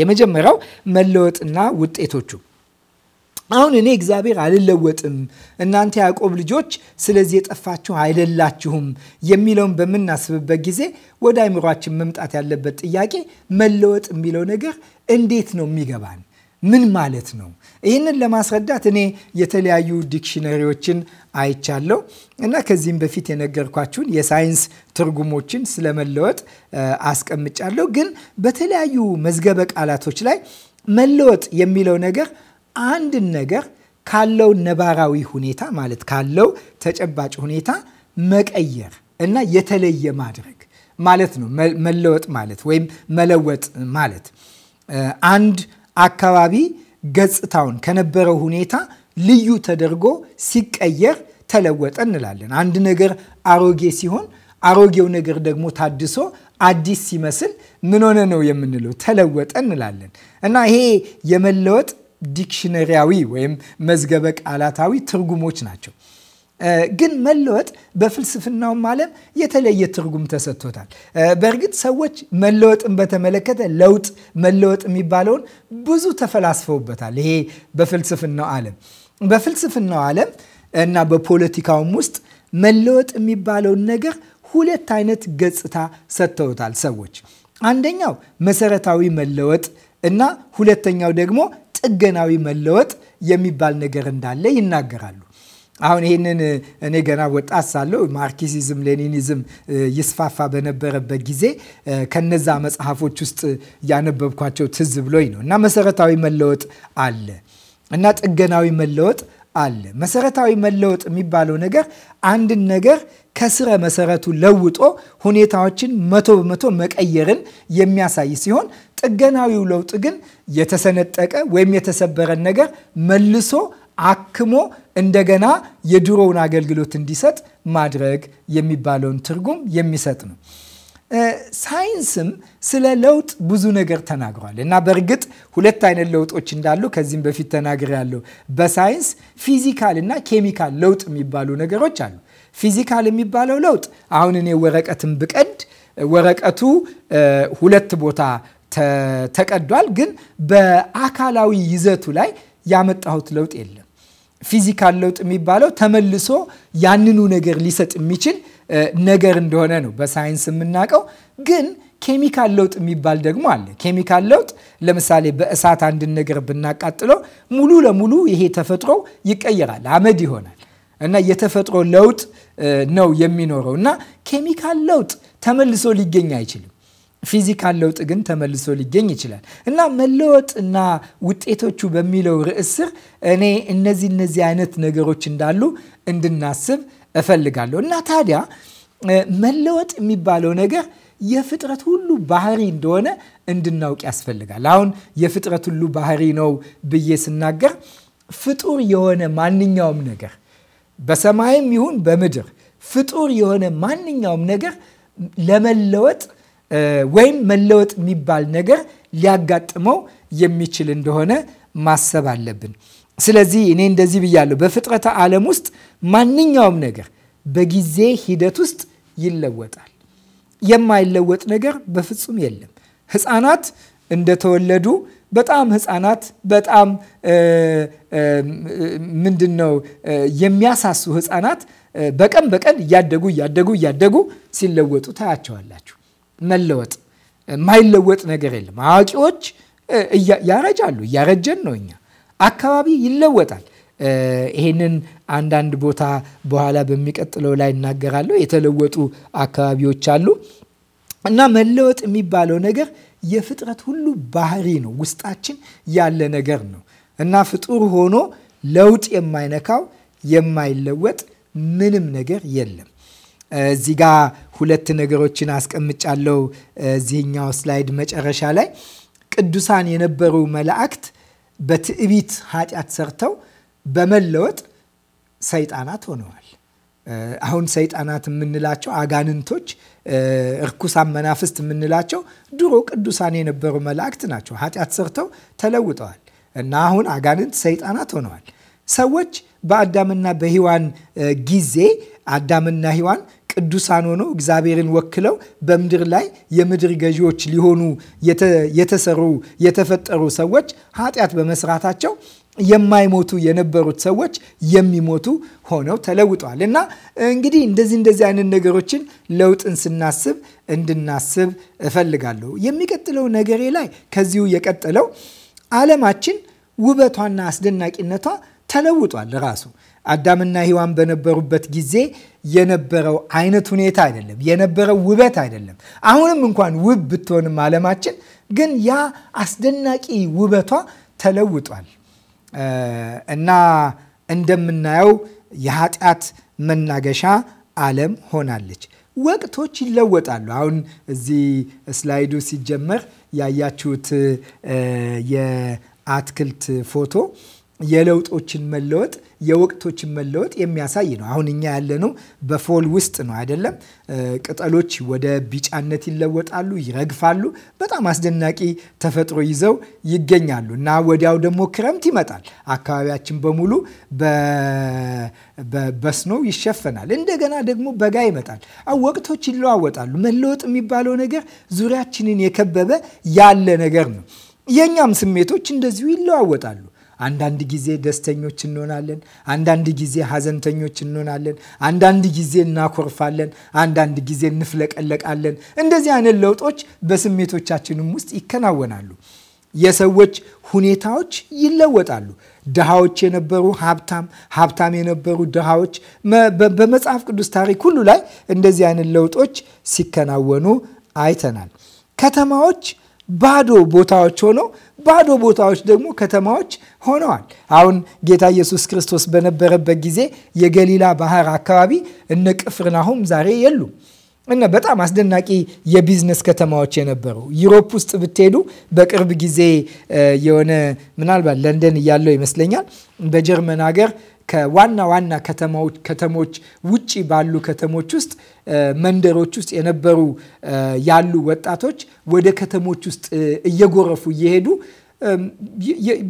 የመጀመሪያው መለወጥና ውጤቶቹ አሁን እኔ እግዚአብሔር አልለወጥም፣ እናንተ ያዕቆብ ልጆች ስለዚህ የጠፋችሁ አይደላችሁም የሚለውን በምናስብበት ጊዜ ወደ አይምሯችን መምጣት ያለበት ጥያቄ መለወጥ የሚለው ነገር እንዴት ነው የሚገባን? ምን ማለት ነው? ይህንን ለማስረዳት እኔ የተለያዩ ዲክሽነሪዎችን አይቻለሁ እና ከዚህም በፊት የነገርኳችሁን የሳይንስ ትርጉሞችን ስለመለወጥ አስቀምጫለሁ። ግን በተለያዩ መዝገበ ቃላቶች ላይ መለወጥ የሚለው ነገር አንድን ነገር ካለው ነባራዊ ሁኔታ ማለት ካለው ተጨባጭ ሁኔታ መቀየር እና የተለየ ማድረግ ማለት ነው። መለወጥ ማለት ወይም መለወጥ ማለት አንድ አካባቢ ገጽታውን ከነበረው ሁኔታ ልዩ ተደርጎ ሲቀየር ተለወጠ እንላለን። አንድ ነገር አሮጌ ሲሆን አሮጌው ነገር ደግሞ ታድሶ አዲስ ሲመስል ምን ሆነ ነው የምንለው? ተለወጠ እንላለን እና ይሄ የመለወጥ ዲክሽነሪያዊ ወይም መዝገበ ቃላታዊ ትርጉሞች ናቸው። ግን መለወጥ በፍልስፍናውም ዓለም የተለየ ትርጉም ተሰጥቶታል። በእርግጥ ሰዎች መለወጥን በተመለከተ ለውጥ መለወጥ የሚባለውን ብዙ ተፈላስፈውበታል። ይሄ በፍልስፍናው ዓለም በፍልስፍናው ዓለም እና በፖለቲካውም ውስጥ መለወጥ የሚባለውን ነገር ሁለት አይነት ገጽታ ሰጥተውታል ሰዎች። አንደኛው መሰረታዊ መለወጥ እና ሁለተኛው ደግሞ ጥገናዊ መለወጥ የሚባል ነገር እንዳለ ይናገራሉ። አሁን ይህንን እኔ ገና ወጣት ሳለው ማርክሲዝም ሌኒኒዝም ይስፋፋ በነበረበት ጊዜ ከነዛ መጽሐፎች ውስጥ ያነበብኳቸው ትዝ ብሎኝ ነው እና መሰረታዊ መለወጥ አለ እና ጥገናዊ መለወጥ አለ። መሰረታዊ መለወጥ የሚባለው ነገር አንድን ነገር ከስረ መሰረቱ ለውጦ ሁኔታዎችን መቶ በመቶ መቀየርን የሚያሳይ ሲሆን ጥገናዊው ለውጥ ግን የተሰነጠቀ ወይም የተሰበረን ነገር መልሶ አክሞ እንደገና የድሮውን አገልግሎት እንዲሰጥ ማድረግ የሚባለውን ትርጉም የሚሰጥ ነው። ሳይንስም ስለ ለውጥ ብዙ ነገር ተናግሯል እና በእርግጥ ሁለት አይነት ለውጦች እንዳሉ ከዚህም በፊት ተናግር ያለው በሳይንስ ፊዚካል እና ኬሚካል ለውጥ የሚባሉ ነገሮች አሉ። ፊዚካል የሚባለው ለውጥ አሁን እኔ ወረቀትን ብቀድ ወረቀቱ ሁለት ቦታ ተቀዷል፣ ግን በአካላዊ ይዘቱ ላይ ያመጣሁት ለውጥ የለም። ፊዚካል ለውጥ የሚባለው ተመልሶ ያንኑ ነገር ሊሰጥ የሚችል ነገር እንደሆነ ነው በሳይንስ የምናውቀው። ግን ኬሚካል ለውጥ የሚባል ደግሞ አለ። ኬሚካል ለውጥ ለምሳሌ በእሳት አንድን ነገር ብናቃጥለው ሙሉ ለሙሉ ይሄ ተፈጥሮ ይቀየራል፣ አመድ ይሆናል እና የተፈጥሮ ለውጥ ነው የሚኖረው እና ኬሚካል ለውጥ ተመልሶ ሊገኝ አይችልም። ፊዚካል ለውጥ ግን ተመልሶ ሊገኝ ይችላል እና መለወጥና ውጤቶቹ በሚለው ርዕስ ስር እኔ እነዚህ እነዚህ አይነት ነገሮች እንዳሉ እንድናስብ እፈልጋለሁ እና ታዲያ መለወጥ የሚባለው ነገር የፍጥረት ሁሉ ባህሪ እንደሆነ እንድናውቅ ያስፈልጋል። አሁን የፍጥረት ሁሉ ባህሪ ነው ብዬ ስናገር ፍጡር የሆነ ማንኛውም ነገር በሰማይም ይሁን በምድር ፍጡር የሆነ ማንኛውም ነገር ለመለወጥ ወይም መለወጥ የሚባል ነገር ሊያጋጥመው የሚችል እንደሆነ ማሰብ አለብን። ስለዚህ እኔ እንደዚህ ብያለሁ፣ በፍጥረተ ዓለም ውስጥ ማንኛውም ነገር በጊዜ ሂደት ውስጥ ይለወጣል። የማይለወጥ ነገር በፍጹም የለም። ሕፃናት እንደተወለዱ በጣም ሕፃናት በጣም ምንድን ነው የሚያሳሱ ሕፃናት በቀን በቀን እያደጉ እያደጉ እያደጉ ሲለወጡ ታያቸዋላችሁ። መለወጥ የማይለወጥ ነገር የለም። አዋቂዎች ያረጃሉ፣ እያረጀን ነው እኛ። አካባቢ ይለወጣል። ይሄንን አንዳንድ ቦታ በኋላ በሚቀጥለው ላይ እናገራለሁ። የተለወጡ አካባቢዎች አሉ እና መለወጥ የሚባለው ነገር የፍጥረት ሁሉ ባህሪ ነው፣ ውስጣችን ያለ ነገር ነው እና ፍጡር ሆኖ ለውጥ የማይነካው የማይለወጥ ምንም ነገር የለም። እዚህ ጋ ሁለት ነገሮችን አስቀምጫለው እዚህኛው ስላይድ መጨረሻ ላይ ቅዱሳን የነበሩ መላእክት በትዕቢት ኃጢአት ሰርተው በመለወጥ ሰይጣናት ሆነዋል። አሁን ሰይጣናት የምንላቸው አጋንንቶች፣ እርኩሳን መናፍስት የምንላቸው ድሮ ቅዱሳን የነበሩ መላእክት ናቸው። ኃጢአት ሰርተው ተለውጠዋል እና አሁን አጋንንት ሰይጣናት ሆነዋል። ሰዎች በአዳምና በሔዋን ጊዜ አዳምና ሔዋን ቅዱሳን ሆነው እግዚአብሔርን ወክለው በምድር ላይ የምድር ገዢዎች ሊሆኑ የተሰሩ የተፈጠሩ ሰዎች ኃጢአት በመስራታቸው የማይሞቱ የነበሩት ሰዎች የሚሞቱ ሆነው ተለውጠዋል። እና እንግዲህ እንደዚህ እንደዚህ አይነት ነገሮችን ለውጥን ስናስብ እንድናስብ እፈልጋለሁ። የሚቀጥለው ነገሬ ላይ ከዚሁ የቀጠለው ዓለማችን ውበቷና አስደናቂነቷ ተለውጧል ራሱ አዳምና ሔዋን በነበሩበት ጊዜ የነበረው አይነት ሁኔታ አይደለም፣ የነበረው ውበት አይደለም። አሁንም እንኳን ውብ ብትሆንም ዓለማችን ግን ያ አስደናቂ ውበቷ ተለውጧል እና እንደምናየው የኃጢአት መናገሻ ዓለም ሆናለች። ወቅቶች ይለወጣሉ። አሁን እዚህ ስላይዱ ሲጀመር ያያችሁት የአትክልት ፎቶ የለውጦችን መለወጥ የወቅቶችን መለወጥ የሚያሳይ ነው። አሁን እኛ ያለነው በፎል ውስጥ ነው አይደለም? ቅጠሎች ወደ ቢጫነት ይለወጣሉ፣ ይረግፋሉ። በጣም አስደናቂ ተፈጥሮ ይዘው ይገኛሉ እና ወዲያው ደግሞ ክረምት ይመጣል። አካባቢያችን በሙሉ በስኖ ይሸፈናል። እንደገና ደግሞ በጋ ይመጣል። ወቅቶች ይለዋወጣሉ። መለወጥ የሚባለው ነገር ዙሪያችንን የከበበ ያለ ነገር ነው። የእኛም ስሜቶች እንደዚሁ ይለዋወጣሉ። አንዳንድ ጊዜ ደስተኞች እንሆናለን፣ አንዳንድ ጊዜ ሀዘንተኞች እንሆናለን፣ አንዳንድ ጊዜ እናኮርፋለን፣ አንዳንድ ጊዜ እንፍለቀለቃለን። እንደዚህ አይነት ለውጦች በስሜቶቻችንም ውስጥ ይከናወናሉ። የሰዎች ሁኔታዎች ይለወጣሉ። ድሃዎች የነበሩ ሀብታም፣ ሀብታም የነበሩ ድሃዎች፣ በመጽሐፍ ቅዱስ ታሪክ ሁሉ ላይ እንደዚህ አይነት ለውጦች ሲከናወኑ አይተናል። ከተማዎች ባዶ ቦታዎች ሆነው ባዶ ቦታዎች ደግሞ ከተማዎች ሆነዋል። አሁን ጌታ ኢየሱስ ክርስቶስ በነበረበት ጊዜ የገሊላ ባህር አካባቢ እነ ቅፍርናሆም ዛሬ የሉም እና በጣም አስደናቂ የቢዝነስ ከተማዎች የነበሩ ዩሮፕ ውስጥ ብትሄዱ በቅርብ ጊዜ የሆነ ምናልባት ለንደን እያለው ይመስለኛል በጀርመን ሀገር ከዋና ዋና ከተሞች ውጭ ባሉ ከተሞች ውስጥ መንደሮች ውስጥ የነበሩ ያሉ ወጣቶች ወደ ከተሞች ውስጥ እየጎረፉ እየሄዱ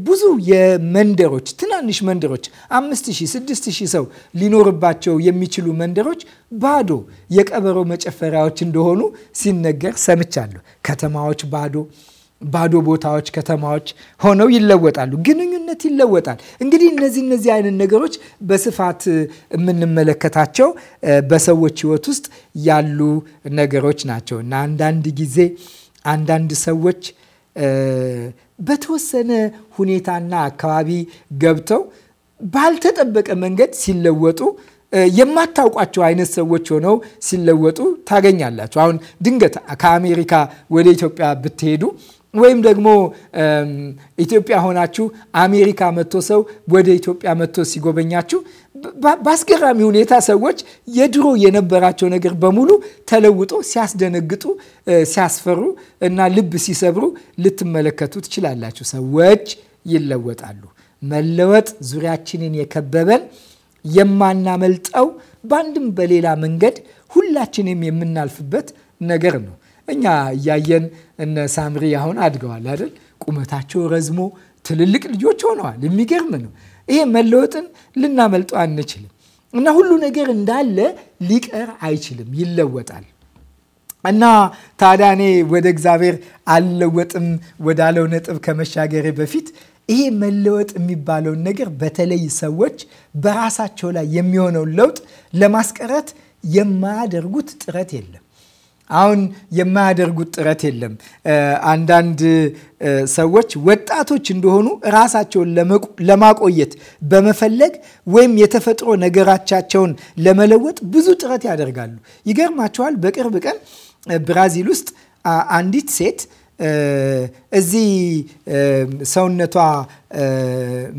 ብዙ የመንደሮች ትናንሽ መንደሮች አምስት ሺህ ስድስት ሺህ ሰው ሊኖርባቸው የሚችሉ መንደሮች ባዶ የቀበሮ መጨፈሪያዎች እንደሆኑ ሲነገር ሰምቻለሁ። ከተማዎች ባዶ ባዶ ቦታዎች፣ ከተማዎች ሆነው ይለወጣሉ። ግንኙነት ይለወጣል። እንግዲህ እነዚህ እነዚህ አይነት ነገሮች በስፋት የምንመለከታቸው በሰዎች ህይወት ውስጥ ያሉ ነገሮች ናቸው እና አንዳንድ ጊዜ አንዳንድ ሰዎች በተወሰነ ሁኔታና አካባቢ ገብተው ባልተጠበቀ መንገድ ሲለወጡ የማታውቋቸው አይነት ሰዎች ሆነው ሲለወጡ ታገኛላችሁ። አሁን ድንገት ከአሜሪካ ወደ ኢትዮጵያ ብትሄዱ ወይም ደግሞ ኢትዮጵያ ሆናችሁ አሜሪካ መጥቶ ሰው ወደ ኢትዮጵያ መጥቶ ሲጎበኛችሁ በአስገራሚ ሁኔታ ሰዎች የድሮ የነበራቸው ነገር በሙሉ ተለውጦ ሲያስደነግጡ፣ ሲያስፈሩ እና ልብ ሲሰብሩ ልትመለከቱ ትችላላችሁ። ሰዎች ይለወጣሉ። መለወጥ ዙሪያችንን የከበበን የማናመልጠው በአንድም በሌላ መንገድ ሁላችንም የምናልፍበት ነገር ነው። እኛ እያየን እነ ሳምሪ አሁን አድገዋል አይደል? ቁመታቸው ረዝሞ ትልልቅ ልጆች ሆነዋል። የሚገርም ነው። ይሄ መለወጥን ልናመልጠው አንችልም እና ሁሉ ነገር እንዳለ ሊቀር አይችልም፣ ይለወጣል። እና ታዲያ እኔ ወደ እግዚአብሔር አልለወጥም ወዳለው ነጥብ ከመሻገሬ በፊት ይሄ መለወጥ የሚባለውን ነገር በተለይ ሰዎች በራሳቸው ላይ የሚሆነውን ለውጥ ለማስቀረት የማያደርጉት ጥረት የለም። አሁን የማያደርጉት ጥረት የለም። አንዳንድ ሰዎች ወጣቶች እንደሆኑ ራሳቸውን ለማቆየት በመፈለግ ወይም የተፈጥሮ ነገራቻቸውን ለመለወጥ ብዙ ጥረት ያደርጋሉ። ይገርማቸዋል። በቅርብ ቀን ብራዚል ውስጥ አንዲት ሴት እዚህ ሰውነቷ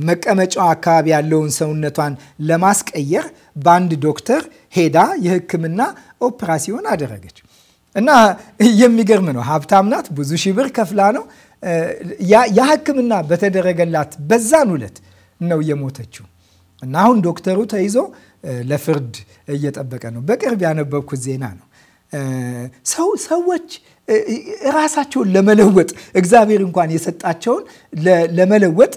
መቀመጫዋ አካባቢ ያለውን ሰውነቷን ለማስቀየር በአንድ ዶክተር ሄዳ የሕክምና ኦፕራሲዮን አደረገች። እና የሚገርም ነው። ሀብታም ናት። ብዙ ሺህ ብር ከፍላ ነው የሕክምና በተደረገላት በዛን ዕለት ነው የሞተችው። እና አሁን ዶክተሩ ተይዞ ለፍርድ እየጠበቀ ነው። በቅርብ ያነበብኩት ዜና ነው። ሰዎች ራሳቸውን ለመለወጥ እግዚአብሔር እንኳን የሰጣቸውን ለመለወጥ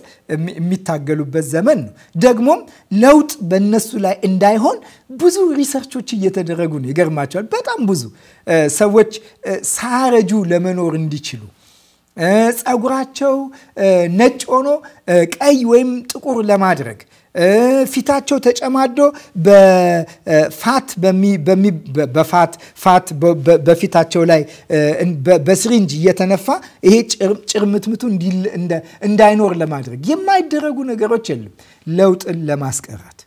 የሚታገሉበት ዘመን ነው። ደግሞም ለውጥ በነሱ ላይ እንዳይሆን ብዙ ሪሰርቾች እየተደረጉ ነው። ይገርማቸዋል። በጣም ብዙ ሰዎች ሳረጁ ለመኖር እንዲችሉ ፀጉራቸው ነጭ ሆኖ ቀይ ወይም ጥቁር ለማድረግ ፊታቸው ተጨማዶ በፋት በፋት ፋት በፊታቸው ላይ በስሪንጅ እየተነፋ ይሄ ጭርምትምቱ እንዳይኖር ለማድረግ የማይደረጉ ነገሮች የለም ለውጥን ለማስቀረት።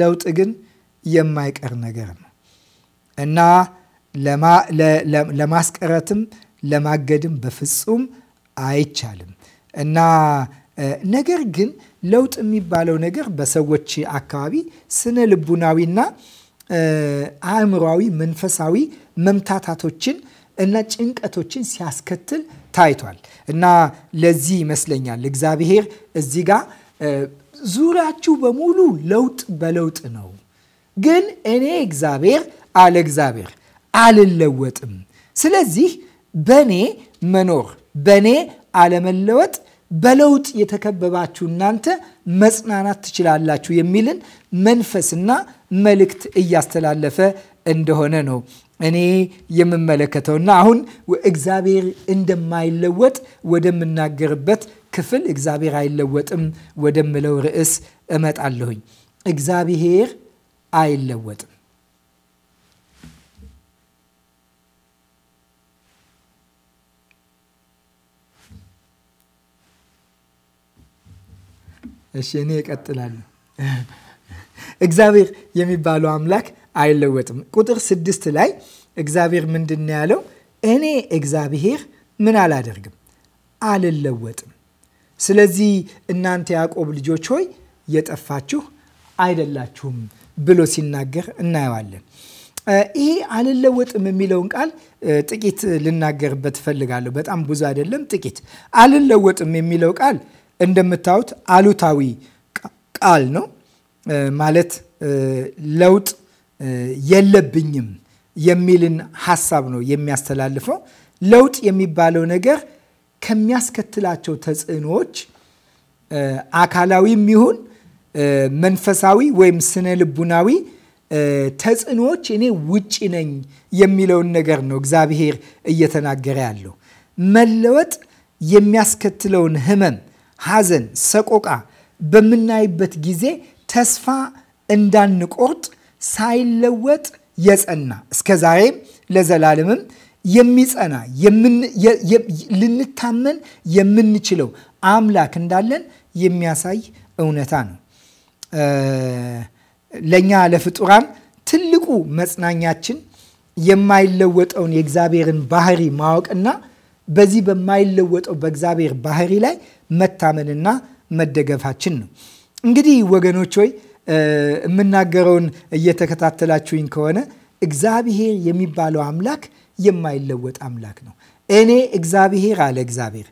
ለውጥ ግን የማይቀር ነገር ነው እና ለማስቀረትም ለማገድም በፍጹም አይቻልም እና ነገር ግን ለውጥ የሚባለው ነገር በሰዎች አካባቢ ስነ ልቡናዊና አእምሯዊ፣ መንፈሳዊ መምታታቶችን እና ጭንቀቶችን ሲያስከትል ታይቷል እና ለዚህ ይመስለኛል እግዚአብሔር እዚ ጋ ዙሪያችሁ በሙሉ ለውጥ በለውጥ ነው፣ ግን እኔ እግዚአብሔር አለ እግዚአብሔር አልለወጥም። ስለዚህ በእኔ መኖር በእኔ አለመለወጥ በለውጥ የተከበባችሁ እናንተ መጽናናት ትችላላችሁ የሚልን መንፈስና መልእክት እያስተላለፈ እንደሆነ ነው እኔ የምመለከተውና አሁን እግዚአብሔር እንደማይለወጥ ወደምናገርበት ክፍል እግዚአብሔር አይለወጥም ወደምለው ርዕስ እመጣለሁኝ። እግዚአብሔር አይለወጥም። እሺ እኔ እቀጥላለሁ። እግዚአብሔር የሚባለው አምላክ አይለወጥም። ቁጥር ስድስት ላይ እግዚአብሔር ምንድን ነው ያለው? እኔ እግዚአብሔር ምን አላደርግም አልለወጥም። ስለዚህ እናንተ ያዕቆብ ልጆች ሆይ የጠፋችሁ አይደላችሁም ብሎ ሲናገር እናየዋለን። ይሄ አልለወጥም የሚለውን ቃል ጥቂት ልናገርበት እፈልጋለሁ። በጣም ብዙ አይደለም፣ ጥቂት። አልለወጥም የሚለው ቃል እንደምታዩት አሉታዊ ቃል ነው። ማለት ለውጥ የለብኝም የሚልን ሀሳብ ነው የሚያስተላልፈው። ለውጥ የሚባለው ነገር ከሚያስከትላቸው ተጽዕኖዎች አካላዊም ይሁን መንፈሳዊ ወይም ስነ ልቡናዊ ተጽዕኖዎች እኔ ውጪ ነኝ የሚለውን ነገር ነው እግዚአብሔር እየተናገረ ያለው። መለወጥ የሚያስከትለውን ህመም ። ሐዘን፣ ሰቆቃ በምናይበት ጊዜ ተስፋ እንዳንቆርጥ ሳይለወጥ የጸና እስከ ዛሬም ለዘላለምም የሚጸና ልንታመን የምንችለው አምላክ እንዳለን የሚያሳይ እውነታ ነው። ለእኛ ለፍጡራን ትልቁ መጽናኛችን የማይለወጠውን የእግዚአብሔርን ባህሪ ማወቅና በዚህ በማይለወጠው በእግዚአብሔር ባህሪ ላይ መታመንና መደገፋችን ነው። እንግዲህ ወገኖች ሆይ የምናገረውን እየተከታተላችሁኝ ከሆነ እግዚአብሔር የሚባለው አምላክ የማይለወጥ አምላክ ነው። እኔ እግዚአብሔር አለ እግዚአብሔር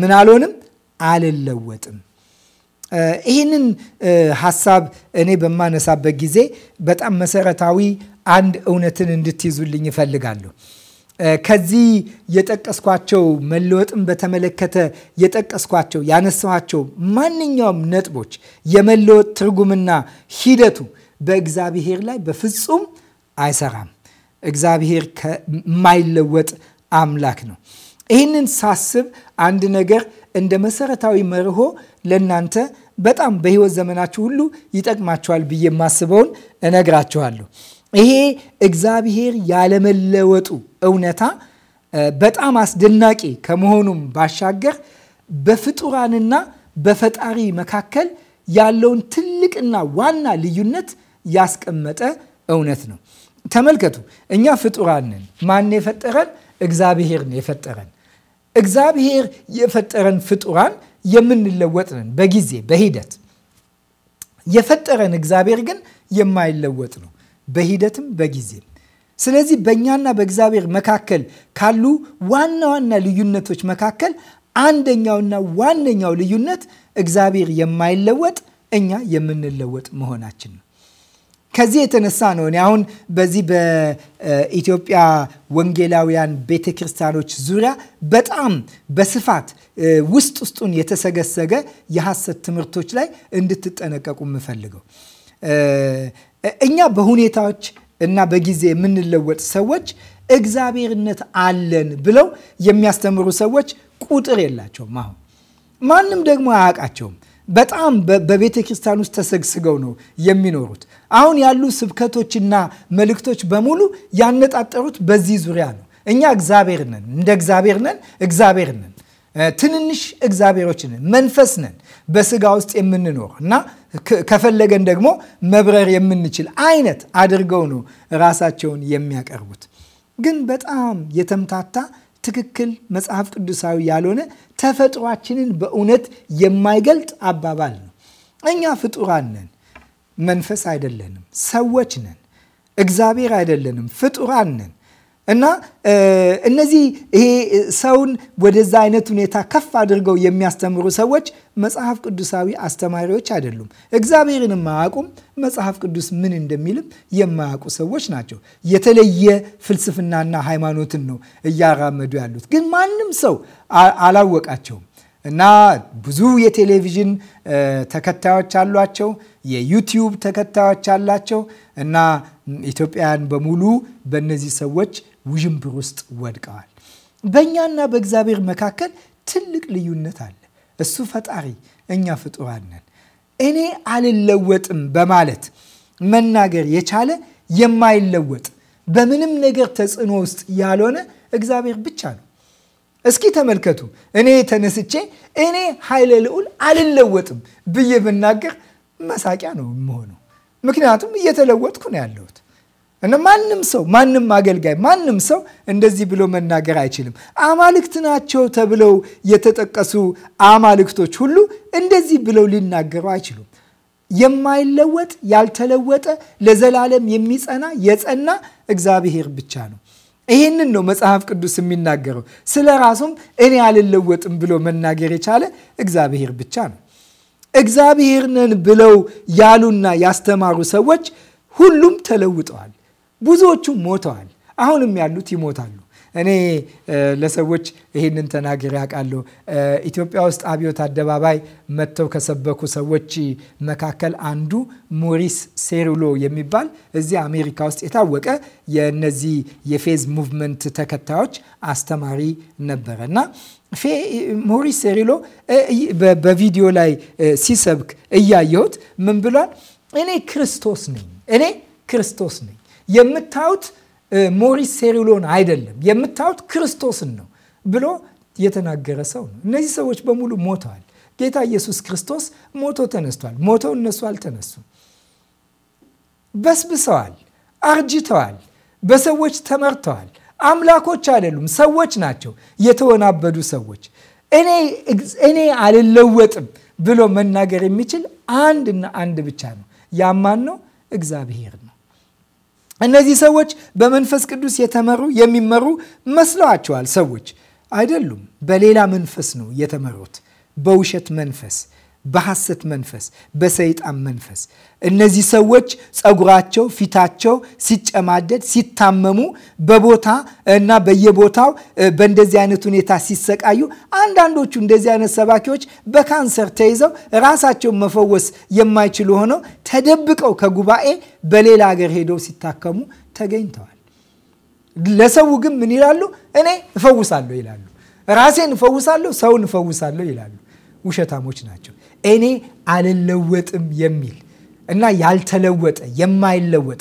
ምን አልሆንም፣ አልለወጥም። ይህንን ሀሳብ እኔ በማነሳበት ጊዜ በጣም መሰረታዊ አንድ እውነትን እንድትይዙልኝ እፈልጋለሁ። ከዚህ የጠቀስኳቸው መለወጥን በተመለከተ የጠቀስኳቸው ያነሳኋቸው ማንኛውም ነጥቦች የመለወጥ ትርጉምና ሂደቱ በእግዚአብሔር ላይ በፍጹም አይሰራም። እግዚአብሔር ከማይለወጥ አምላክ ነው። ይህንን ሳስብ አንድ ነገር እንደ መሰረታዊ መርሆ ለእናንተ በጣም በህይወት ዘመናችሁ ሁሉ ይጠቅማችኋል ብዬ የማስበውን እነግራችኋለሁ። ይሄ እግዚአብሔር ያለመለወጡ እውነታ በጣም አስደናቂ ከመሆኑም ባሻገር በፍጡራንና በፈጣሪ መካከል ያለውን ትልቅና ዋና ልዩነት ያስቀመጠ እውነት ነው። ተመልከቱ፣ እኛ ፍጡራን ማን የፈጠረን? እግዚአብሔርን የፈጠረን። እግዚአብሔር የፈጠረን ፍጡራን የምንለወጥ ነን፣ በጊዜ በሂደት የፈጠረን እግዚአብሔር ግን የማይለወጥ ነው፣ በሂደትም በጊዜም ስለዚህ በእኛና በእግዚአብሔር መካከል ካሉ ዋና ዋና ልዩነቶች መካከል አንደኛውና ዋነኛው ልዩነት እግዚአብሔር የማይለወጥ እኛ የምንለወጥ መሆናችን ነው። ከዚህ የተነሳ ነው እኔ አሁን በዚህ በኢትዮጵያ ወንጌላውያን ቤተ ክርስቲያኖች ዙሪያ በጣም በስፋት ውስጥ ውስጡን የተሰገሰገ የሐሰት ትምህርቶች ላይ እንድትጠነቀቁ የምፈልገው እኛ በሁኔታዎች እና በጊዜ የምንለወጥ ሰዎች እግዚአብሔርነት አለን ብለው የሚያስተምሩ ሰዎች ቁጥር የላቸውም። አሁን ማንም ደግሞ አያውቃቸውም። በጣም በቤተ ክርስቲያን ውስጥ ተሰግስገው ነው የሚኖሩት። አሁን ያሉ ስብከቶችና መልእክቶች በሙሉ ያነጣጠሩት በዚህ ዙሪያ ነው። እኛ እግዚአብሔር ነን፣ እንደ እግዚአብሔር ነን፣ እግዚአብሔር ነን፣ ትንንሽ እግዚአብሔሮች ነን፣ መንፈስ ነን በስጋ ውስጥ የምንኖር እና ከፈለገን ደግሞ መብረር የምንችል አይነት አድርገው ነው ራሳቸውን የሚያቀርቡት። ግን በጣም የተምታታ ትክክል መጽሐፍ ቅዱሳዊ ያልሆነ ተፈጥሯችንን በእውነት የማይገልጥ አባባል ነው። እኛ ፍጡራን ነን፣ መንፈስ አይደለንም። ሰዎች ነን፣ እግዚአብሔር አይደለንም፣ ፍጡራን ነን። እና እነዚህ ይሄ ሰውን ወደዛ አይነት ሁኔታ ከፍ አድርገው የሚያስተምሩ ሰዎች መጽሐፍ ቅዱሳዊ አስተማሪዎች አይደሉም። እግዚአብሔርን የማያውቁም መጽሐፍ ቅዱስ ምን እንደሚልም የማያውቁ ሰዎች ናቸው። የተለየ ፍልስፍናና ሃይማኖትን ነው እያራመዱ ያሉት። ግን ማንም ሰው አላወቃቸውም እና ብዙ የቴሌቪዥን ተከታዮች አሏቸው፣ የዩቲዩብ ተከታዮች አላቸው እና ኢትዮጵያውያን በሙሉ በእነዚህ ሰዎች ውዥንብር ውስጥ ወድቀዋል። በእኛና በእግዚአብሔር መካከል ትልቅ ልዩነት አለ። እሱ ፈጣሪ፣ እኛ ፍጡራን ነን። እኔ አልለወጥም በማለት መናገር የቻለ የማይለወጥ በምንም ነገር ተጽዕኖ ውስጥ ያልሆነ እግዚአብሔር ብቻ ነው። እስኪ ተመልከቱ። እኔ ተነስቼ እኔ ኃይለ ልዑል አልለወጥም ብዬ ብናገር መሳቂያ ነው የምሆነው። ምክንያቱም እየተለወጥኩ ነው ያለሁት እና ማንም ሰው ማንም አገልጋይ ማንም ሰው እንደዚህ ብሎ መናገር አይችልም። አማልክት ናቸው ተብለው የተጠቀሱ አማልክቶች ሁሉ እንደዚህ ብለው ሊናገሩ አይችሉም። የማይለወጥ ያልተለወጠ፣ ለዘላለም የሚጸና የጸና እግዚአብሔር ብቻ ነው። ይህንን ነው መጽሐፍ ቅዱስ የሚናገረው። ስለ ራሱም እኔ አልለወጥም ብሎ መናገር የቻለ እግዚአብሔር ብቻ ነው። እግዚአብሔር ነን ብለው ያሉና ያስተማሩ ሰዎች ሁሉም ተለውጠዋል። ብዙዎቹ ሞተዋል። አሁንም ያሉት ይሞታሉ። እኔ ለሰዎች ይህንን ተናግሬ አውቃለሁ። ኢትዮጵያ ውስጥ አብዮት አደባባይ መጥተው ከሰበኩ ሰዎች መካከል አንዱ ሞሪስ ሴሩሎ የሚባል እዚህ አሜሪካ ውስጥ የታወቀ የነዚህ የፌዝ ሙቭመንት ተከታዮች አስተማሪ ነበረ እና ሞሪስ ሴሩሎ በቪዲዮ ላይ ሲሰብክ እያየሁት ምን ብሏል? እኔ ክርስቶስ ነኝ፣ እኔ ክርስቶስ ነኝ የምታዩት ሞሪስ ሴሪሎን አይደለም፣ የምታዩት ክርስቶስን ነው ብሎ የተናገረ ሰው ነው። እነዚህ ሰዎች በሙሉ ሞተዋል። ጌታ ኢየሱስ ክርስቶስ ሞቶ ተነስቷል። ሞተው እነሱ አልተነሱም። በስብሰዋል፣ አርጅተዋል፣ በሰዎች ተመርተዋል። አምላኮች አይደሉም፣ ሰዎች ናቸው። የተወናበዱ ሰዎች እኔ አልለወጥም ብሎ መናገር የሚችል አንድና አንድ ብቻ ነው። ያማን ነው እግዚአብሔር ነው። እነዚህ ሰዎች በመንፈስ ቅዱስ የተመሩ የሚመሩ መስለዋቸዋል ሰዎች አይደሉም። በሌላ መንፈስ ነው የተመሩት። በውሸት መንፈስ፣ በሐሰት መንፈስ፣ በሰይጣን መንፈስ እነዚህ ሰዎች ጸጉራቸው፣ ፊታቸው ሲጨማደድ፣ ሲታመሙ በቦታ እና በየቦታው በእንደዚህ አይነት ሁኔታ ሲሰቃዩ፣ አንዳንዶቹ እንደዚህ አይነት ሰባኪዎች በካንሰር ተይዘው ራሳቸውን መፈወስ የማይችሉ ሆነው ተደብቀው ከጉባኤ በሌላ ሀገር ሄደው ሲታከሙ ተገኝተዋል። ለሰው ግን ምን ይላሉ? እኔ እፈውሳለሁ ይላሉ። ራሴን እፈውሳለሁ፣ ሰውን እፈውሳለሁ ይላሉ። ውሸታሞች ናቸው። እኔ አልለወጥም የሚል እና ያልተለወጠ የማይለወጥ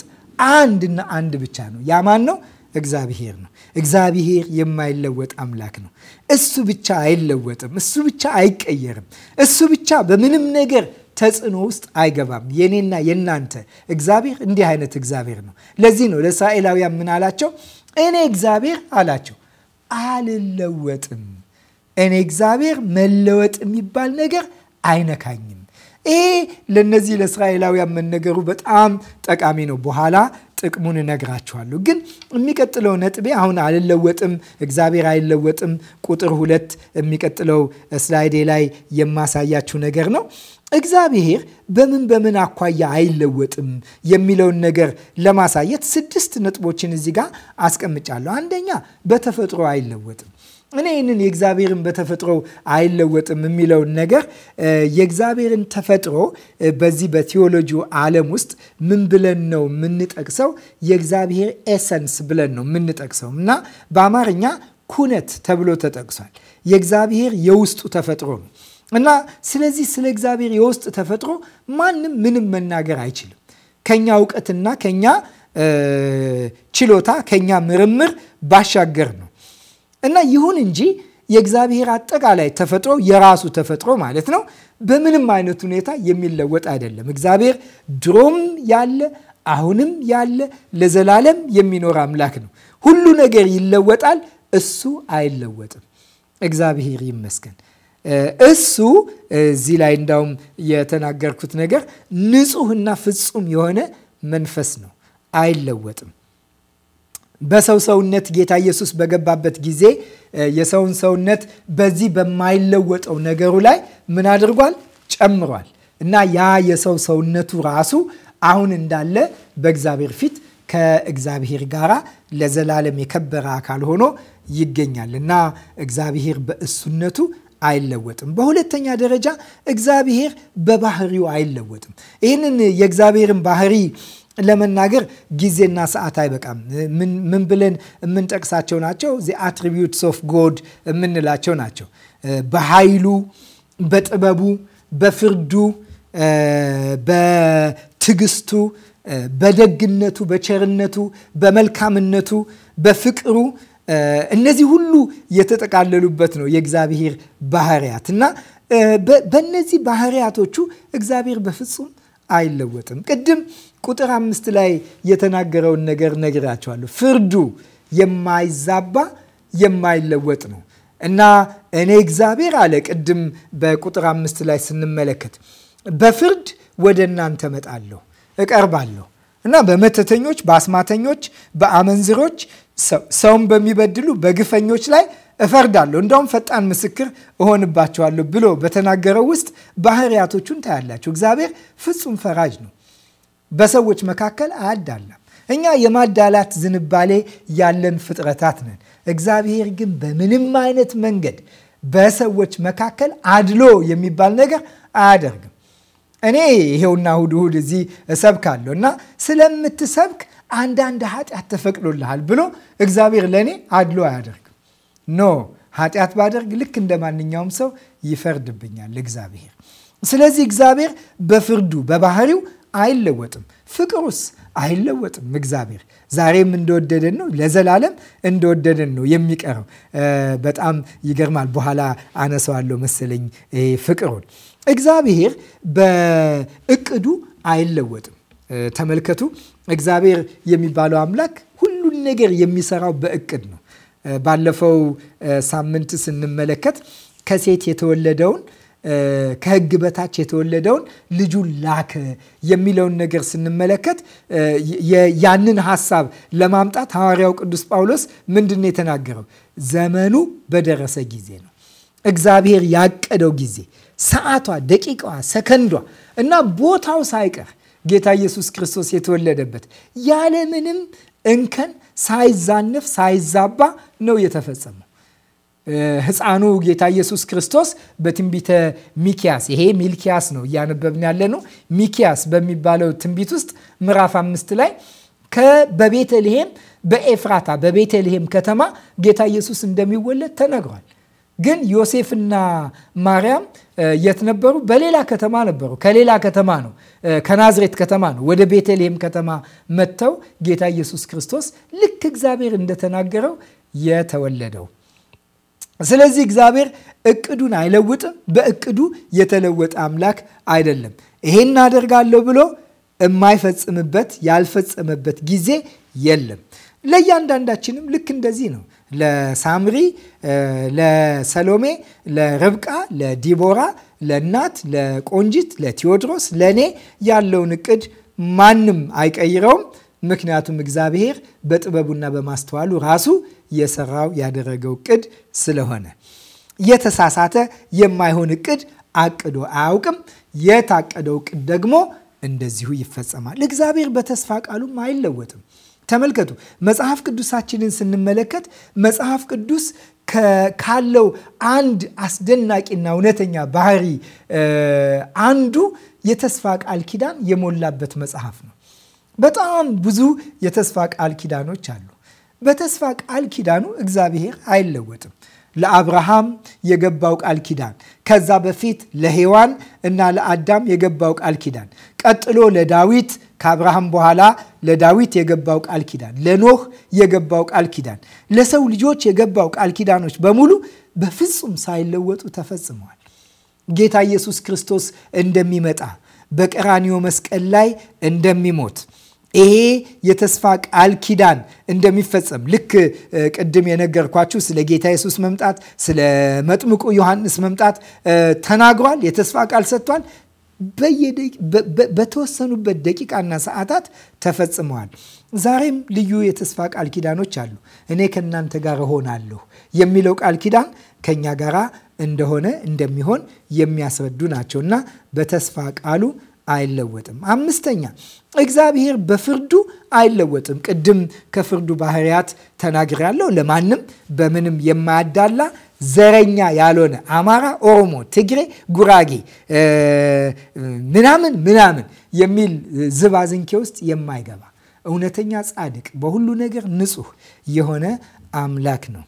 አንድና አንድ ብቻ ነው። ያ ማን ነው? እግዚአብሔር ነው። እግዚአብሔር የማይለወጥ አምላክ ነው። እሱ ብቻ አይለወጥም። እሱ ብቻ አይቀየርም። እሱ ብቻ በምንም ነገር ተጽዕኖ ውስጥ አይገባም። የኔና የናንተ እግዚአብሔር እንዲህ አይነት እግዚአብሔር ነው። ለዚህ ነው ለእስራኤላውያን ምን አላቸው? እኔ እግዚአብሔር አላቸው፣ አልለወጥም። እኔ እግዚአብሔር መለወጥ የሚባል ነገር አይነካኝም። ይሄ ለነዚህ ለእስራኤላውያን መነገሩ በጣም ጠቃሚ ነው። በኋላ ጥቅሙን እነግራችኋለሁ። ግን የሚቀጥለው ነጥቤ አሁን አልለወጥም፣ እግዚአብሔር አይለወጥም። ቁጥር ሁለት የሚቀጥለው ስላይዴ ላይ የማሳያችሁ ነገር ነው። እግዚአብሔር በምን በምን አኳያ አይለወጥም የሚለውን ነገር ለማሳየት ስድስት ነጥቦችን እዚህ ጋር አስቀምጫለሁ። አንደኛ በተፈጥሮ አይለወጥም። እኔ ይህንን የእግዚአብሔርን በተፈጥሮ አይለወጥም የሚለውን ነገር የእግዚአብሔርን ተፈጥሮ በዚህ በቴዎሎጂ ዓለም ውስጥ ምን ብለን ነው የምንጠቅሰው? የእግዚአብሔር ኤሰንስ ብለን ነው የምንጠቅሰው እና በአማርኛ ኩነት ተብሎ ተጠቅሷል። የእግዚአብሔር የውስጡ ተፈጥሮ ነው እና ስለዚህ ስለ እግዚአብሔር የውስጥ ተፈጥሮ ማንም ምንም መናገር አይችልም። ከኛ እውቀትና ከኛ ችሎታ ከኛ ምርምር ባሻገር ነው እና ይሁን እንጂ የእግዚአብሔር አጠቃላይ ተፈጥሮ የራሱ ተፈጥሮ ማለት ነው በምንም አይነት ሁኔታ የሚለወጥ አይደለም። እግዚአብሔር ድሮም ያለ አሁንም ያለ ለዘላለም የሚኖር አምላክ ነው። ሁሉ ነገር ይለወጣል፣ እሱ አይለወጥም። እግዚአብሔር ይመስገን። እሱ እዚህ ላይ እንዳውም የተናገርኩት ነገር ንጹህና ፍጹም የሆነ መንፈስ ነው፣ አይለወጥም። በሰው ሰውነት ጌታ ኢየሱስ በገባበት ጊዜ የሰውን ሰውነት በዚህ በማይለወጠው ነገሩ ላይ ምን አድርጓል? ጨምሯል። እና ያ የሰው ሰውነቱ ራሱ አሁን እንዳለ በእግዚአብሔር ፊት ከእግዚአብሔር ጋር ለዘላለም የከበረ አካል ሆኖ ይገኛል እና እግዚአብሔር በእሱነቱ አይለወጥም። በሁለተኛ ደረጃ እግዚአብሔር በባህሪው አይለወጥም። ይህንን የእግዚአብሔርን ባህሪ ለመናገር ጊዜና ሰዓት አይበቃም። ምን ብለን የምንጠቅሳቸው ናቸው? ዚ አትሪቢዩትስ ኦፍ ጎድ የምንላቸው ናቸው። በኃይሉ፣ በጥበቡ፣ በፍርዱ፣ በትግስቱ በደግነቱ፣ በቸርነቱ፣ በመልካምነቱ፣ በፍቅሩ እነዚህ ሁሉ የተጠቃለሉበት ነው የእግዚአብሔር ባህርያት እና በእነዚህ ባህርያቶቹ እግዚአብሔር በፍጹም አይለወጥም። ቅድም ቁጥር አምስት ላይ የተናገረውን ነገር ነግራቸዋለሁ። ፍርዱ የማይዛባ የማይለወጥ ነው እና እኔ እግዚአብሔር አለ። ቅድም በቁጥር አምስት ላይ ስንመለከት በፍርድ ወደ እናንተ መጣለሁ እቀርባለሁ እና በመተተኞች፣ በአስማተኞች፣ በአመንዝሮች፣ ሰውን በሚበድሉ በግፈኞች ላይ እፈርዳለሁ እንደውም ፈጣን ምስክር እሆንባቸዋለሁ ብሎ በተናገረው ውስጥ ባህሪያቶቹን ታያላችሁ። እግዚአብሔር ፍጹም ፈራጅ ነው። በሰዎች መካከል አያዳላም። እኛ የማዳላት ዝንባሌ ያለን ፍጥረታት ነን። እግዚአብሔር ግን በምንም አይነት መንገድ በሰዎች መካከል አድሎ የሚባል ነገር አያደርግም። እኔ ይሄውና እሁድ እሁድ እዚህ እሰብካለሁ እና ስለምትሰብክ አንዳንድ ኃጢአት ተፈቅዶልሃል ብሎ እግዚአብሔር ለእኔ አድሎ አያደርግም። ኖ ኃጢአት ባደርግ ልክ እንደ ማንኛውም ሰው ይፈርድብኛል እግዚአብሔር። ስለዚህ እግዚአብሔር በፍርዱ በባህሪው አይለወጥም። ፍቅሩስ አይለወጥም። እግዚአብሔር ዛሬም እንደወደደን ነው፣ ለዘላለም እንደወደደን ነው የሚቀረው። በጣም ይገርማል። በኋላ አነሳዋለሁ መሰለኝ ፍቅሩን። እግዚአብሔር በእቅዱ አይለወጥም። ተመልከቱ፣ እግዚአብሔር የሚባለው አምላክ ሁሉን ነገር የሚሰራው በእቅድ ነው። ባለፈው ሳምንት ስንመለከት ከሴት የተወለደውን ከህግ በታች የተወለደውን ልጁን ላከ የሚለውን ነገር ስንመለከት ያንን ሀሳብ ለማምጣት ሐዋርያው ቅዱስ ጳውሎስ ምንድን ነው የተናገረው? ዘመኑ በደረሰ ጊዜ ነው። እግዚአብሔር ያቀደው ጊዜ፣ ሰዓቷ፣ ደቂቃዋ፣ ሰከንዷ እና ቦታው ሳይቀር ጌታ ኢየሱስ ክርስቶስ የተወለደበት ያለምንም እንከን ሳይዛነፍ ሳይዛባ ነው የተፈጸመው። ህፃኑ ጌታ ኢየሱስ ክርስቶስ በትንቢተ ሚኪያስ ይሄ ሚልኪያስ ነው እያነበብን ያለ ነው። ሚኪያስ በሚባለው ትንቢት ውስጥ ምዕራፍ አምስት ላይ በቤተልሔም በኤፍራታ በቤተልሔም ከተማ ጌታ ኢየሱስ እንደሚወለድ ተነግሯል። ግን ዮሴፍና ማርያም የት ነበሩ? በሌላ ከተማ ነበሩ። ከሌላ ከተማ ነው ከናዝሬት ከተማ ነው ወደ ቤተልሔም ከተማ መጥተው ጌታ ኢየሱስ ክርስቶስ ልክ እግዚአብሔር እንደተናገረው የተወለደው ስለዚህ እግዚአብሔር እቅዱን አይለውጥም። በእቅዱ የተለወጠ አምላክ አይደለም። ይሄን አደርጋለሁ ብሎ የማይፈጽምበት ያልፈጸመበት ጊዜ የለም። ለእያንዳንዳችንም ልክ እንደዚህ ነው። ለሳምሪ፣ ለሰሎሜ፣ ለርብቃ፣ ለዲቦራ፣ ለእናት፣ ለቆንጂት፣ ለቴዎድሮስ፣ ለእኔ ያለውን እቅድ ማንም አይቀይረውም። ምክንያቱም እግዚአብሔር በጥበቡና በማስተዋሉ ራሱ የሰራው ያደረገው እቅድ ስለሆነ የተሳሳተ የማይሆን እቅድ አቅዶ አያውቅም። የታቀደው እቅድ ደግሞ እንደዚሁ ይፈጸማል። እግዚአብሔር በተስፋ ቃሉም አይለወጥም። ተመልከቱ፣ መጽሐፍ ቅዱሳችንን ስንመለከት መጽሐፍ ቅዱስ ካለው አንድ አስደናቂና እውነተኛ ባህሪ አንዱ የተስፋ ቃል ኪዳን የሞላበት መጽሐፍ ነው። በጣም ብዙ የተስፋ ቃል ኪዳኖች አሉ። በተስፋ ቃል ኪዳኑ እግዚአብሔር አይለወጥም። ለአብርሃም የገባው ቃል ኪዳን፣ ከዛ በፊት ለሔዋን እና ለአዳም የገባው ቃል ኪዳን፣ ቀጥሎ ለዳዊት ከአብርሃም በኋላ ለዳዊት የገባው ቃል ኪዳን፣ ለኖህ የገባው ቃል ኪዳን፣ ለሰው ልጆች የገባው ቃል ኪዳኖች በሙሉ በፍጹም ሳይለወጡ ተፈጽመዋል። ጌታ ኢየሱስ ክርስቶስ እንደሚመጣ በቀራኒዮ መስቀል ላይ እንደሚሞት ይሄ የተስፋ ቃል ኪዳን እንደሚፈጸም ልክ ቅድም የነገርኳችሁ ስለ ጌታ የሱስ መምጣት ስለ መጥምቁ ዮሐንስ መምጣት ተናግሯል። የተስፋ ቃል ሰጥቷል። በተወሰኑበት ደቂቃና ሰዓታት ተፈጽመዋል። ዛሬም ልዩ የተስፋ ቃል ኪዳኖች አሉ። እኔ ከእናንተ ጋር እሆናለሁ የሚለው ቃል ኪዳን ከእኛ ጋራ እንደሆነ እንደሚሆን የሚያስረዱ ናቸው እና በተስፋ ቃሉ አይለወጥም። አምስተኛ እግዚአብሔር በፍርዱ አይለወጥም። ቅድም ከፍርዱ ባህሪያት ተናግሬያለሁ። ለማንም በምንም የማያዳላ ዘረኛ ያልሆነ አማራ፣ ኦሮሞ፣ ትግሬ፣ ጉራጌ ምናምን ምናምን የሚል ዝባዝንኬ ውስጥ የማይገባ እውነተኛ ጻድቅ፣ በሁሉ ነገር ንጹህ የሆነ አምላክ ነው።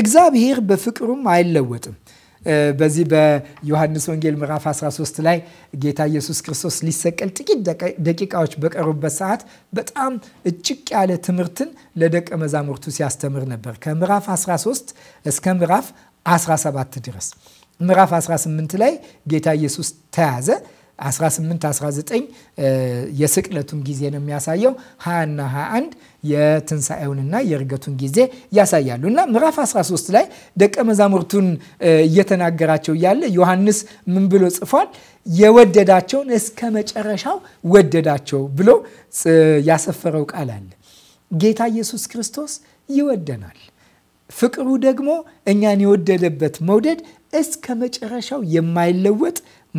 እግዚአብሔር በፍቅሩም አይለወጥም። በዚህ በዮሐንስ ወንጌል ምዕራፍ 13 ላይ ጌታ ኢየሱስ ክርስቶስ ሊሰቀል ጥቂት ደቂቃዎች በቀሩበት ሰዓት በጣም እጭቅ ያለ ትምህርትን ለደቀ መዛሙርቱ ሲያስተምር ነበር ከምዕራፍ 13 እስከ ምዕራፍ 17 ድረስ። ምዕራፍ 18 ላይ ጌታ ኢየሱስ ተያዘ። 18 19 የስቅለቱን ጊዜ ነው የሚያሳየው። 20 እና 21 የትንሣኤውንና የእርገቱን ጊዜ ያሳያሉ እና ምዕራፍ 13 ላይ ደቀ መዛሙርቱን እየተናገራቸው እያለ ዮሐንስ ምን ብሎ ጽፏል? የወደዳቸውን እስከ መጨረሻው ወደዳቸው ብሎ ያሰፈረው ቃል አለ። ጌታ ኢየሱስ ክርስቶስ ይወደናል። ፍቅሩ ደግሞ እኛን የወደደበት መውደድ እስከ መጨረሻው የማይለወጥ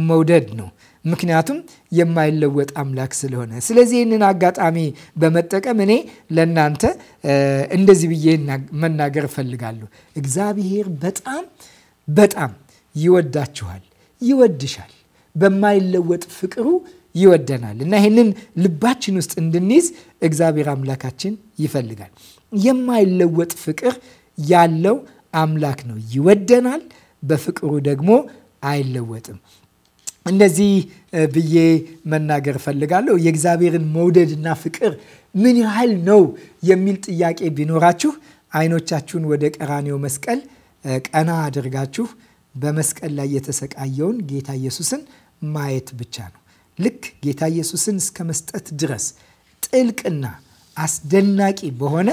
መውደድ ነው። ምክንያቱም የማይለወጥ አምላክ ስለሆነ። ስለዚህ ይህንን አጋጣሚ በመጠቀም እኔ ለእናንተ እንደዚህ ብዬ መናገር እፈልጋለሁ። እግዚአብሔር በጣም በጣም ይወዳችኋል፣ ይወድሻል። በማይለወጥ ፍቅሩ ይወደናል እና ይህንን ልባችን ውስጥ እንድንይዝ እግዚአብሔር አምላካችን ይፈልጋል። የማይለወጥ ፍቅር ያለው አምላክ ነው። ይወደናል፣ በፍቅሩ ደግሞ አይለወጥም። እንደዚህ ብዬ መናገር እፈልጋለሁ። የእግዚአብሔርን መውደድና ፍቅር ምን ያህል ነው የሚል ጥያቄ ቢኖራችሁ አይኖቻችሁን ወደ ቀራኔው መስቀል ቀና አድርጋችሁ በመስቀል ላይ የተሰቃየውን ጌታ ኢየሱስን ማየት ብቻ ነው። ልክ ጌታ ኢየሱስን እስከ መስጠት ድረስ ጥልቅና አስደናቂ በሆነ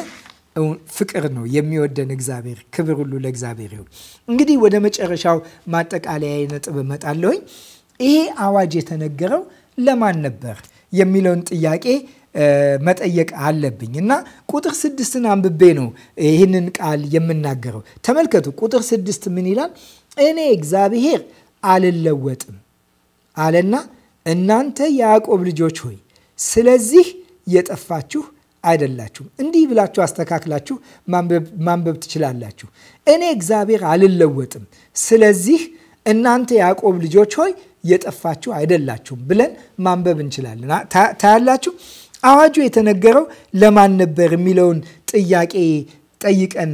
ፍቅር ነው የሚወደን እግዚአብሔር። ክብር ሁሉ ለእግዚአብሔር ይሁን። እንግዲህ ወደ መጨረሻው ማጠቃለያ ነጥብ እመጣለሁኝ። ይሄ አዋጅ የተነገረው ለማን ነበር የሚለውን ጥያቄ መጠየቅ አለብኝ እና ቁጥር ስድስትን አንብቤ ነው ይህንን ቃል የምናገረው። ተመልከቱ ቁጥር ስድስት ምን ይላል? እኔ እግዚአብሔር አልለወጥም አለና እናንተ የያዕቆብ ልጆች ሆይ ስለዚህ የጠፋችሁ አይደላችሁም። እንዲህ ብላችሁ አስተካክላችሁ ማንበብ ትችላላችሁ። እኔ እግዚአብሔር አልለወጥም ስለዚህ እናንተ የያዕቆብ ልጆች ሆይ የጠፋችሁ አይደላችሁም ብለን ማንበብ እንችላለን። ታያላችሁ አዋጁ የተነገረው ለማን ነበር የሚለውን ጥያቄ ጠይቀን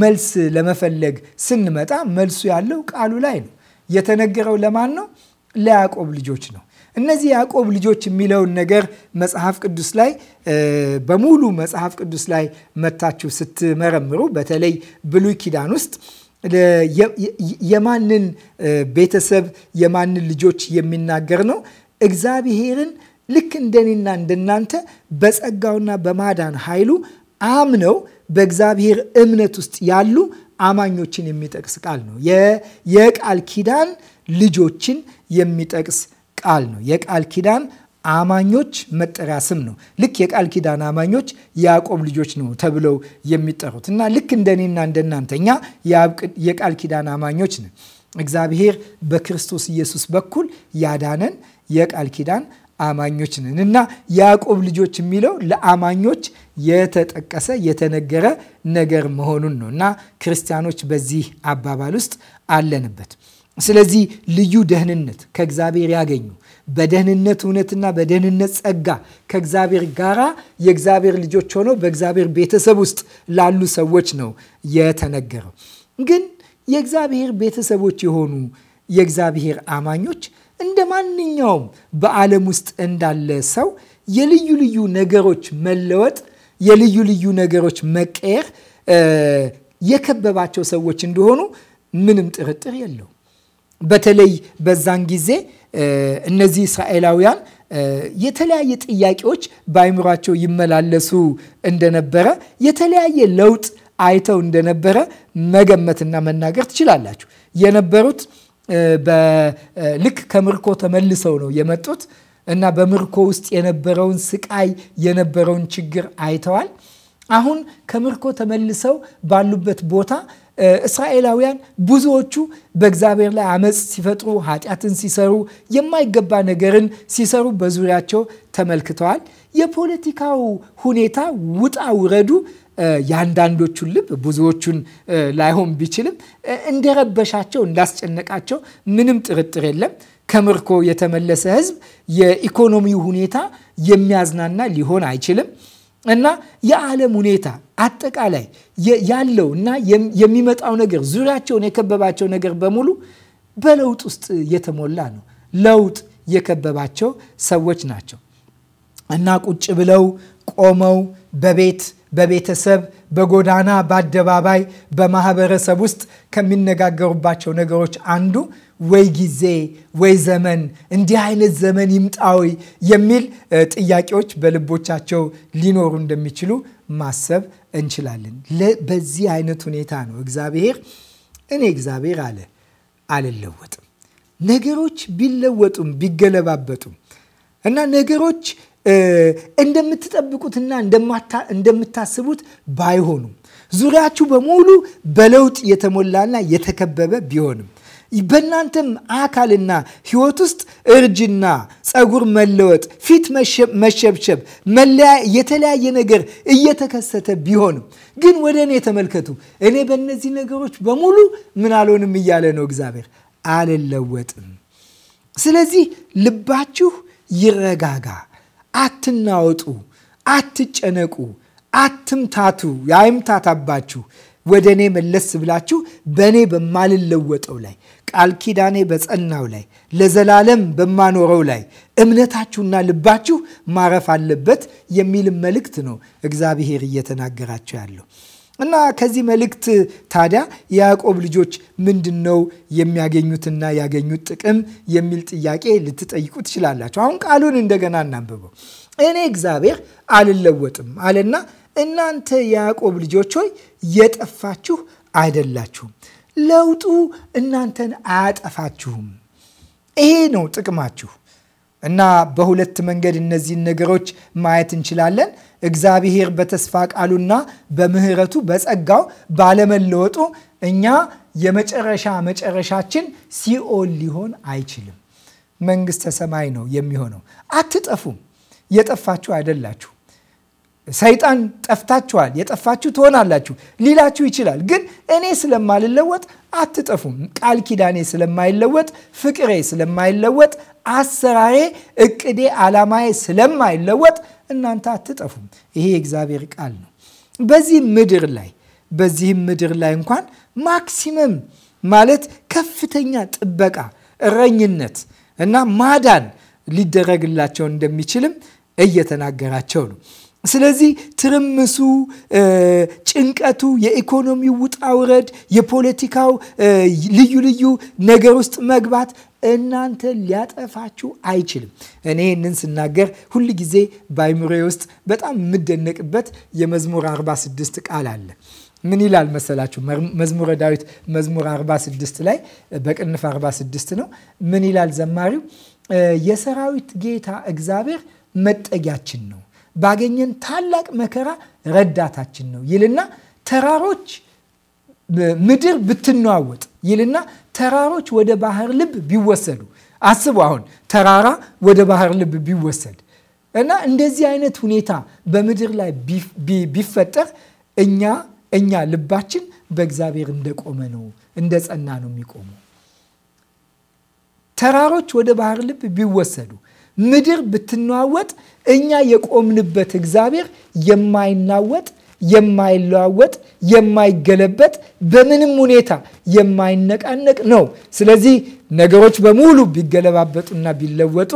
መልስ ለመፈለግ ስንመጣ መልሱ ያለው ቃሉ ላይ ነው። የተነገረው ለማን ነው? ለያዕቆብ ልጆች ነው። እነዚህ ያዕቆብ ልጆች የሚለውን ነገር መጽሐፍ ቅዱስ ላይ በሙሉ መጽሐፍ ቅዱስ ላይ መታችሁ ስትመረምሩ በተለይ ብሉይ ኪዳን ውስጥ የማንን ቤተሰብ የማንን ልጆች የሚናገር ነው? እግዚአብሔርን ልክ እንደኔና እንደናንተ በጸጋውና በማዳን ኃይሉ አምነው በእግዚአብሔር እምነት ውስጥ ያሉ አማኞችን የሚጠቅስ ቃል ነው። የቃል ኪዳን ልጆችን የሚጠቅስ ቃል ነው። የቃል ኪዳን አማኞች መጠሪያ ስም ነው። ልክ የቃል ኪዳን አማኞች የያዕቆብ ልጆች ነው ተብለው የሚጠሩት እና ልክ እንደኔና እንደናንተኛ የቃል ኪዳን አማኞች ነን። እግዚአብሔር በክርስቶስ ኢየሱስ በኩል ያዳነን የቃል ኪዳን አማኞች ነን እና የያዕቆብ ልጆች የሚለው ለአማኞች የተጠቀሰ የተነገረ ነገር መሆኑን ነው እና ክርስቲያኖች በዚህ አባባል ውስጥ አለንበት። ስለዚህ ልዩ ደህንነት ከእግዚአብሔር ያገኙ በደህንነት እውነትና በደህንነት ጸጋ ከእግዚአብሔር ጋር የእግዚአብሔር ልጆች ሆነው በእግዚአብሔር ቤተሰብ ውስጥ ላሉ ሰዎች ነው የተነገረው። ግን የእግዚአብሔር ቤተሰቦች የሆኑ የእግዚአብሔር አማኞች እንደ ማንኛውም በዓለም ውስጥ እንዳለ ሰው የልዩ ልዩ ነገሮች መለወጥ፣ የልዩ ልዩ ነገሮች መቀየር የከበባቸው ሰዎች እንደሆኑ ምንም ጥርጥር የለው። በተለይ በዛን ጊዜ እነዚህ እስራኤላውያን የተለያየ ጥያቄዎች በአይምሯቸው ይመላለሱ እንደነበረ የተለያየ ለውጥ አይተው እንደነበረ መገመትና መናገር ትችላላችሁ። የነበሩት ልክ ከምርኮ ተመልሰው ነው የመጡት እና በምርኮ ውስጥ የነበረውን ስቃይ የነበረውን ችግር አይተዋል። አሁን ከምርኮ ተመልሰው ባሉበት ቦታ እስራኤላውያን ብዙዎቹ በእግዚአብሔር ላይ አመፅ ሲፈጥሩ፣ ኃጢአትን ሲሰሩ፣ የማይገባ ነገርን ሲሰሩ በዙሪያቸው ተመልክተዋል። የፖለቲካው ሁኔታ ውጣ ውረዱ የአንዳንዶቹን ልብ ብዙዎቹን ላይሆን ቢችልም እንደረበሻቸው እንዳስጨነቃቸው ምንም ጥርጥር የለም። ከምርኮ የተመለሰ ህዝብ የኢኮኖሚው ሁኔታ የሚያዝናና ሊሆን አይችልም። እና የዓለም ሁኔታ አጠቃላይ ያለው እና የሚመጣው ነገር ዙሪያቸውን የከበባቸው ነገር በሙሉ በለውጥ ውስጥ የተሞላ ነው። ለውጥ የከበባቸው ሰዎች ናቸው እና ቁጭ ብለው ቆመው በቤት በቤተሰብ በጎዳና በአደባባይ በማህበረሰብ ውስጥ ከሚነጋገሩባቸው ነገሮች አንዱ ወይ ጊዜ ወይ ዘመን እንዲህ አይነት ዘመን ይምጣዊ የሚል ጥያቄዎች በልቦቻቸው ሊኖሩ እንደሚችሉ ማሰብ እንችላለን። በዚህ አይነት ሁኔታ ነው እግዚአብሔር እኔ እግዚአብሔር አለ አልለወጥም። ነገሮች ቢለወጡም ቢገለባበጡም እና ነገሮች እንደምትጠብቁትና እንደምታስቡት ባይሆኑም ዙሪያችሁ በሙሉ በለውጥ የተሞላና የተከበበ ቢሆንም በእናንተም አካልና ሕይወት ውስጥ እርጅና፣ ፀጉር መለወጥ፣ ፊት መሸብሸብ፣ መለያ የተለያየ ነገር እየተከሰተ ቢሆንም ግን ወደ እኔ ተመልከቱ። እኔ በእነዚህ ነገሮች በሙሉ ምን አልሆንም እያለ ነው እግዚአብሔር፣ አልለወጥም። ስለዚህ ልባችሁ ይረጋጋ። አትናወጡ፣ አትጨነቁ፣ አትምታቱ፣ አይምታታባችሁ ወደ እኔ መለስ ብላችሁ በእኔ በማልለወጠው ላይ ቃል ኪዳኔ በጸናው ላይ ለዘላለም በማኖረው ላይ እምነታችሁና ልባችሁ ማረፍ አለበት የሚልም መልእክት ነው እግዚአብሔር እየተናገራቸው ያለው። እና ከዚህ መልእክት ታዲያ የያዕቆብ ልጆች ምንድን ነው የሚያገኙትና ያገኙት ጥቅም የሚል ጥያቄ ልትጠይቁ ትችላላችሁ። አሁን ቃሉን እንደገና እናንብበው። እኔ እግዚአብሔር አልለወጥም አለና እናንተ የያዕቆብ ልጆች ሆይ የጠፋችሁ አይደላችሁም። ለውጡ እናንተን አያጠፋችሁም። ይሄ ነው ጥቅማችሁ። እና በሁለት መንገድ እነዚህን ነገሮች ማየት እንችላለን። እግዚአብሔር በተስፋ ቃሉና በምህረቱ በጸጋው ባለመለወጡ እኛ የመጨረሻ መጨረሻችን ሲኦል ሊሆን አይችልም። መንግስተ ሰማይ ነው የሚሆነው። አትጠፉም። የጠፋችሁ አይደላችሁ። ሰይጣን ጠፍታችኋል፣ የጠፋችሁ ትሆናላችሁ ሊላችሁ ይችላል። ግን እኔ ስለማልለወጥ አትጠፉም። ቃል ኪዳኔ ስለማይለወጥ፣ ፍቅሬ ስለማይለወጥ፣ አሰራሬ፣ እቅዴ፣ ዓላማዬ ስለማይለወጥ እናንተ አትጠፉም። ይሄ የእግዚአብሔር ቃል ነው። በዚህ ምድር ላይ በዚህም ምድር ላይ እንኳን ማክሲመም ማለት ከፍተኛ ጥበቃ፣ እረኝነት እና ማዳን ሊደረግላቸው እንደሚችልም እየተናገራቸው ነው። ስለዚህ ትርምሱ፣ ጭንቀቱ፣ የኢኮኖሚው ውጣ ውረድ፣ የፖለቲካው ልዩ ልዩ ነገር ውስጥ መግባት እናንተ ሊያጠፋችሁ አይችልም። እኔ ይህንን ስናገር ሁል ጊዜ በአይምሬ ውስጥ በጣም የምደነቅበት የመዝሙር 46 ቃል አለ። ምን ይላል መሰላችሁ? መዝሙረ ዳዊት መዝሙር 46 ላይ በቅንፍ 46 ነው። ምን ይላል ዘማሪው? የሰራዊት ጌታ እግዚአብሔር መጠጊያችን ነው ባገኘን ታላቅ መከራ ረዳታችን ነው ይልና ተራሮች ምድር ብትነዋወጥ ይልና ተራሮች ወደ ባህር ልብ ቢወሰዱ አስቡ። አሁን ተራራ ወደ ባህር ልብ ቢወሰድ እና እንደዚህ አይነት ሁኔታ በምድር ላይ ቢፈጠር እኛ እኛ ልባችን በእግዚአብሔር እንደቆመ ነው እንደጸና ነው የሚቆመው። ተራሮች ወደ ባህር ልብ ቢወሰዱ ምድር ብትነዋወጥ እኛ የቆምንበት እግዚአብሔር የማይናወጥ የማይለዋወጥ የማይገለበጥ በምንም ሁኔታ የማይነቃነቅ ነው። ስለዚህ ነገሮች በሙሉ ቢገለባበጡና ቢለወጡ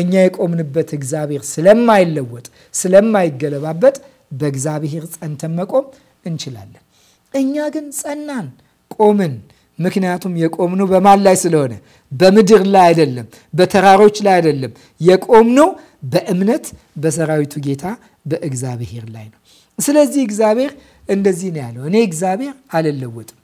እኛ የቆምንበት እግዚአብሔር ስለማይለወጥ ስለማይገለባበጥ በእግዚአብሔር ጸንተን መቆም እንችላለን። እኛ ግን ጸናን፣ ቆምን። ምክንያቱም የቆምነው በማን ላይ ስለሆነ በምድር ላይ አይደለም፣ በተራሮች ላይ አይደለም። የቆምነው በእምነት በሰራዊቱ ጌታ በእግዚአብሔር ላይ ነው። ስለዚህ እግዚአብሔር እንደዚህ ነው ያለው፣ እኔ እግዚአብሔር አልለወጥም።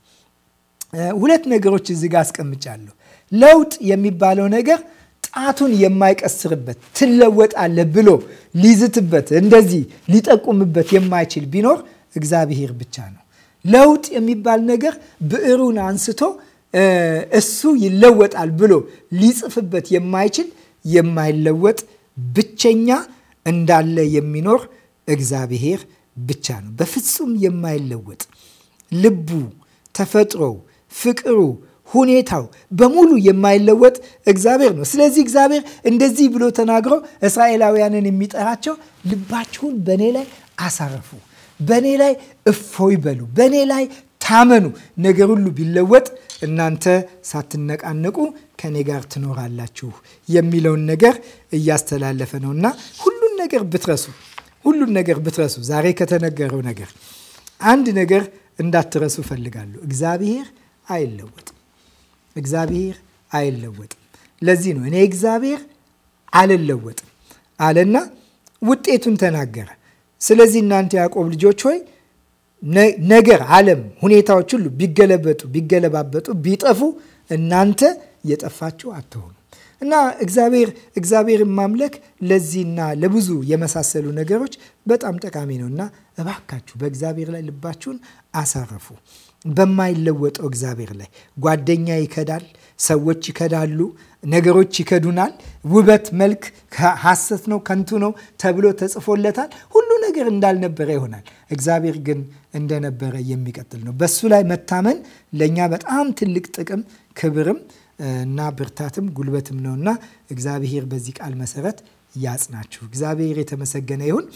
ሁለት ነገሮች እዚህ ጋር አስቀምጫለሁ። ለውጥ የሚባለው ነገር ጣቱን የማይቀስርበት ትለወጣለህ ብሎ ሊዝትበት እንደዚህ ሊጠቁምበት የማይችል ቢኖር እግዚአብሔር ብቻ ነው። ለውጥ የሚባል ነገር ብዕሩን አንስቶ እሱ ይለወጣል ብሎ ሊጽፍበት የማይችል የማይለወጥ ብቸኛ እንዳለ የሚኖር እግዚአብሔር ብቻ ነው። በፍጹም የማይለወጥ ልቡ፣ ተፈጥሮው፣ ፍቅሩ፣ ሁኔታው በሙሉ የማይለወጥ እግዚአብሔር ነው። ስለዚህ እግዚአብሔር እንደዚህ ብሎ ተናግሮ እስራኤላውያንን የሚጠራቸው ልባችሁን በእኔ ላይ አሳረፉ በእኔ ላይ እፎይ በሉ፣ በእኔ ላይ ታመኑ፣ ነገር ሁሉ ቢለወጥ እናንተ ሳትነቃነቁ ከእኔ ጋር ትኖራላችሁ የሚለውን ነገር እያስተላለፈ ነው እና ሁሉን ነገር ብትረሱ ሁሉን ነገር ብትረሱ ዛሬ ከተነገረው ነገር አንድ ነገር እንዳትረሱ ፈልጋሉ እግዚአብሔር አይለወጥም። እግዚአብሔር አይለወጥም። ለዚህ ነው እኔ እግዚአብሔር አልለወጥም አለና ውጤቱን ተናገረ። ስለዚህ እናንተ ያዕቆብ ልጆች ሆይ ነገር፣ ዓለም፣ ሁኔታዎች ሁሉ ቢገለበጡ ቢገለባበጡ ቢጠፉ እናንተ የጠፋችሁ አትሆኑ እና እግዚአብሔር እግዚአብሔርን ማምለክ ለዚህና ለብዙ የመሳሰሉ ነገሮች በጣም ጠቃሚ ነው እና እባካችሁ በእግዚአብሔር ላይ ልባችሁን አሳረፉ። በማይለወጠው እግዚአብሔር ላይ ጓደኛ ይከዳል፣ ሰዎች ይከዳሉ፣ ነገሮች ይከዱናል። ውበት፣ መልክ ሐሰት ነው፣ ከንቱ ነው ተብሎ ተጽፎለታል። ሁሉ ነገር እንዳልነበረ ይሆናል። እግዚአብሔር ግን እንደነበረ የሚቀጥል ነው። በሱ ላይ መታመን ለእኛ በጣም ትልቅ ጥቅም ክብርም እና ብርታትም ጉልበትም ነውና እግዚአብሔር በዚህ ቃል መሰረት ያጽናችሁ። እግዚአብሔር የተመሰገነ ይሁን።